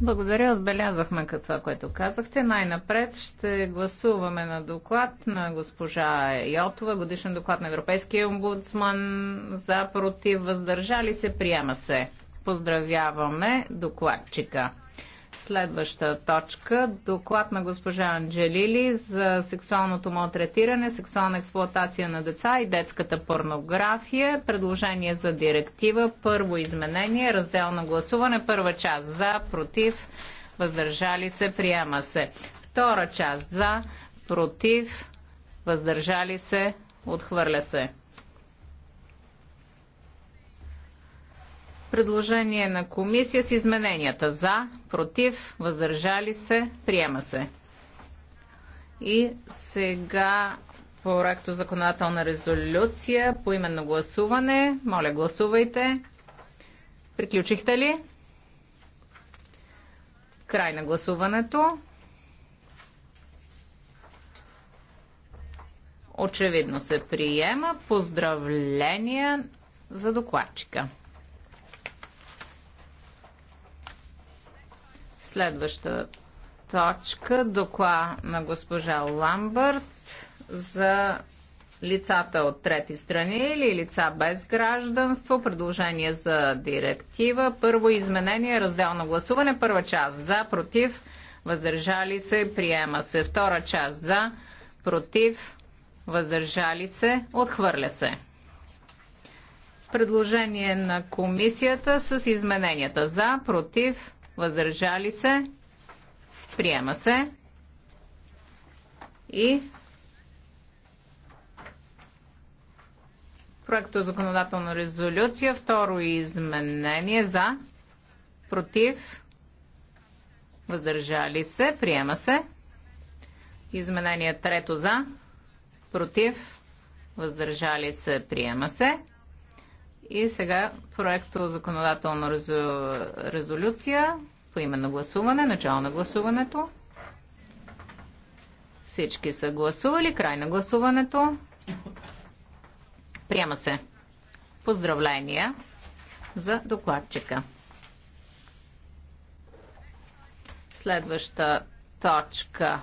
Благодаря, отбелязахме това, което казахте. Най-напред ще гласуваме на доклад на госпожа Йотова, годишен доклад на Европейския омбудсман за против въздържали се, приема се. Поздравяваме докладчика. Следваща точка. Доклад на госпожа Анджелили за сексуалното малтретиране, сексуална експлуатация на деца и детската порнография. Предложение за директива. Първо изменение. Раздел на гласуване. Първа част за, против, въздържали се, приема се. Втора част за, против, въздържали се, отхвърля се. Предложение на комисия с измененията за, против, въздържали се, приема се. И сега проекто законодателна резолюция по именно гласуване. Моля, гласувайте. Приключихте ли? Край на гласуването. Очевидно се приема. Поздравления за докладчика. Следваща точка, доклад на госпожа Ламбърт за лицата от трети страни или лица без гражданство, предложение за директива, първо изменение, раздел на гласуване, първа част за, против, въздържали се, приема се, втора част за, против, въздържали се, отхвърля се. Предложение на комисията с измененията за, против, въздържали се, приема се и проекто законодателна резолюция, второ изменение за, против, въздържали се, приема се. Изменение трето за, против, въздържали се, приема се. И сега проекто законодателна резолюция по именно гласуване, начало на гласуването. Всички са гласували, край на гласуването. Приема се. Поздравления за докладчика. Следваща точка.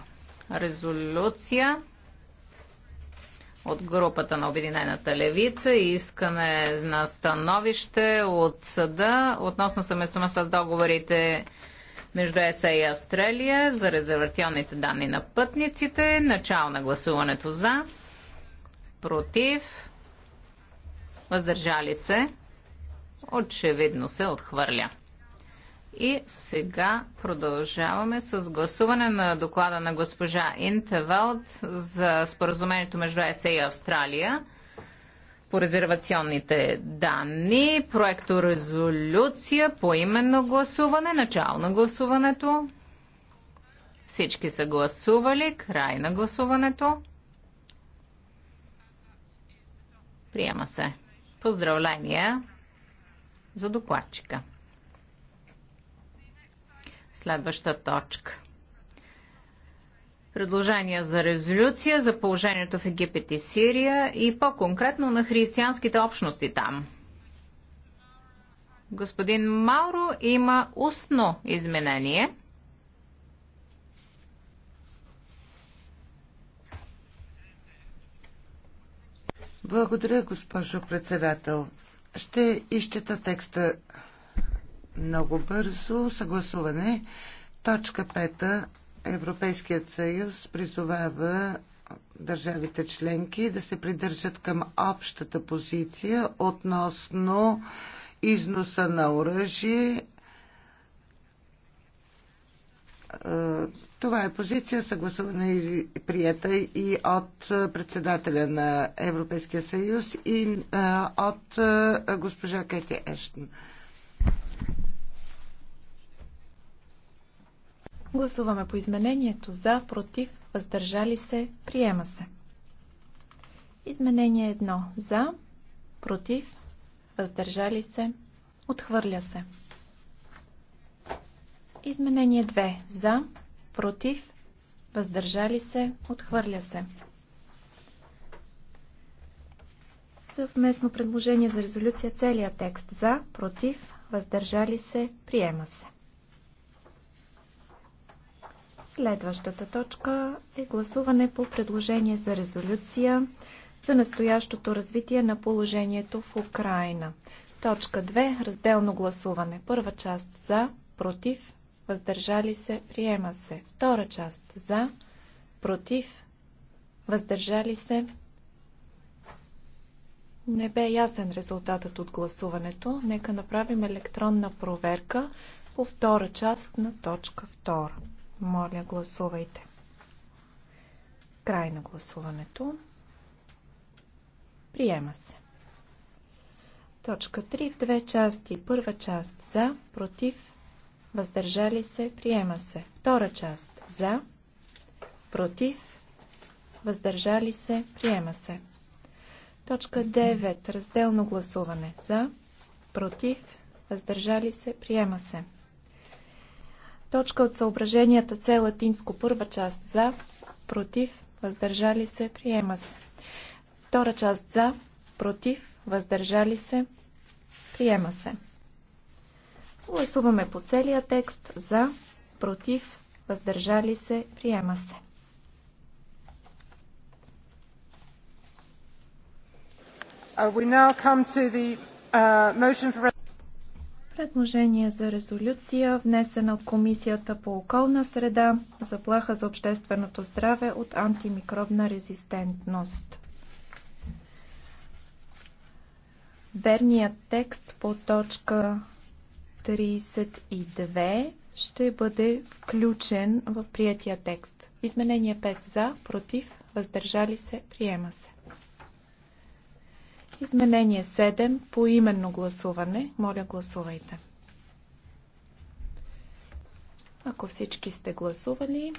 Резолюция от групата на Обединената левица и искане на становище от съда относно съместно с договорите между ЕСА и Австралия за резервационните данни на пътниците. Начало на гласуването за, против, въздържали се, очевидно се отхвърля. И сега продължаваме с гласуване на доклада на госпожа Интевелд за споразумението между ЕСЕ и Австралия по резервационните данни, проекто резолюция, по именно гласуване, начало на гласуването. Всички са гласували, край на гласуването. Приема се. Поздравления за докладчика. Следваща точка. Предложения за резолюция за положението в Египет и Сирия и по-конкретно на християнските общности там. Господин Мауро има устно изменение. Благодаря, госпожо председател. Ще изчета текста много бързо. Съгласуване. Точка 5. Европейският съюз призовава държавите членки да се придържат към общата позиция относно износа на оръжие. Е, това е позиция съгласувана и прията и от председателя на Европейския съюз и е, от е, госпожа Кети Ештен. Гласуваме по изменението за, против, въздържали се, приема се. Изменение 1 за, против, въздържали се, отхвърля се. Изменение 2 за, против, въздържали се, отхвърля се. Съвместно предложение за резолюция целият текст за, против, въздържали се, приема се. Следващата точка е гласуване по предложение за резолюция за настоящото развитие на положението в Украина. Точка 2. Разделно гласуване. Първа част за, против, въздържали се, приема се. Втора част за, против, въздържали се. Не бе ясен резултатът от гласуването. Нека направим електронна проверка по втора част на точка 2. Моля, гласувайте. Край на гласуването. Приема се. Точка 3 в две части. Първа част за, против, въздържали се, приема се. Втора част за, против, въздържали се, приема се. Точка 9. Разделно гласуване за, против, въздържали се, приема се. Точка от съображенията це латинско първа част за, против, въздържали се, приема се. Втора част за, против, въздържали се, приема се. Гласуваме по целия текст за, против, въздържали се, приема се. Uh, we now come to the uh, motion for Предложение за резолюция, внесена от Комисията по околна среда, заплаха за общественото здраве от антимикробна резистентност. Верният текст по точка 32 ще бъде включен в приятия текст. Изменение 5 за, против, въздържали се, приема се. Изменение 7 по именно гласуване. Моля, гласувайте. Ако всички сте гласували,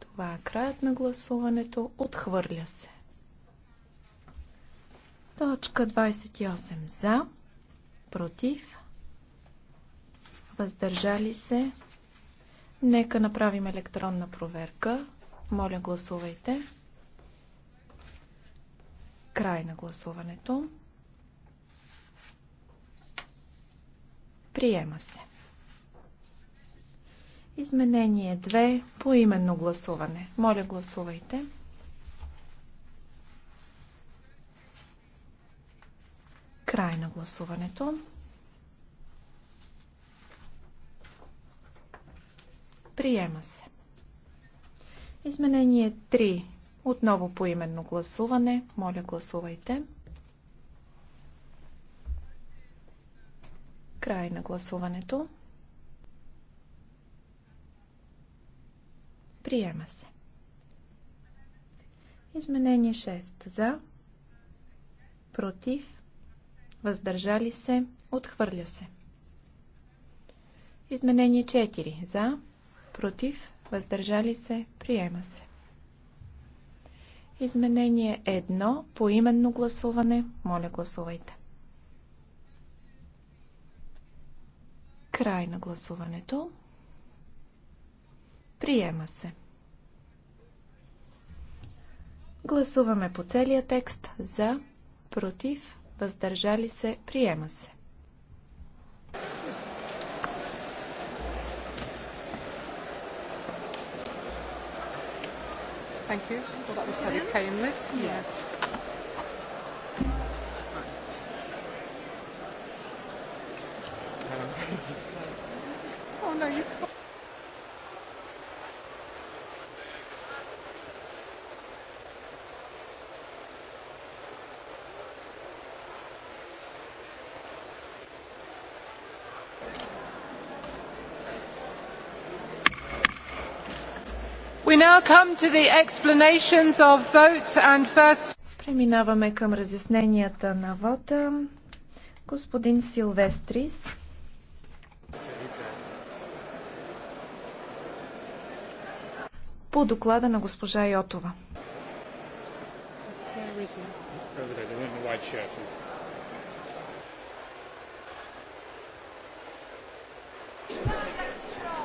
това е краят на гласуването. Отхвърля се. Точка 28 за, против, въздържали се. Нека направим електронна проверка. Моля, гласувайте. Край на гласуването. Приема се. Изменение 2 по именно гласуване. Моля, гласувайте. Край на гласуването. Приема се. Изменение 3 отново по именно гласуване. Моля, гласувайте. Край на гласуването. Приема се. Изменение 6. За. Против. Въздържали се. Отхвърля се. Изменение 4. За. Против. Въздържали се. Приема се. Изменение 1 по именно гласуване. Моля, гласувайте. Край на гласуването. Приема се. Гласуваме по целия текст за, против, въздържали се, приема се. Thank you. Well, that was very painless. Yes. oh, no, you can't. Преминаваме към разясненията на вота. Господин Силвестрис. По доклада на госпожа Йотова.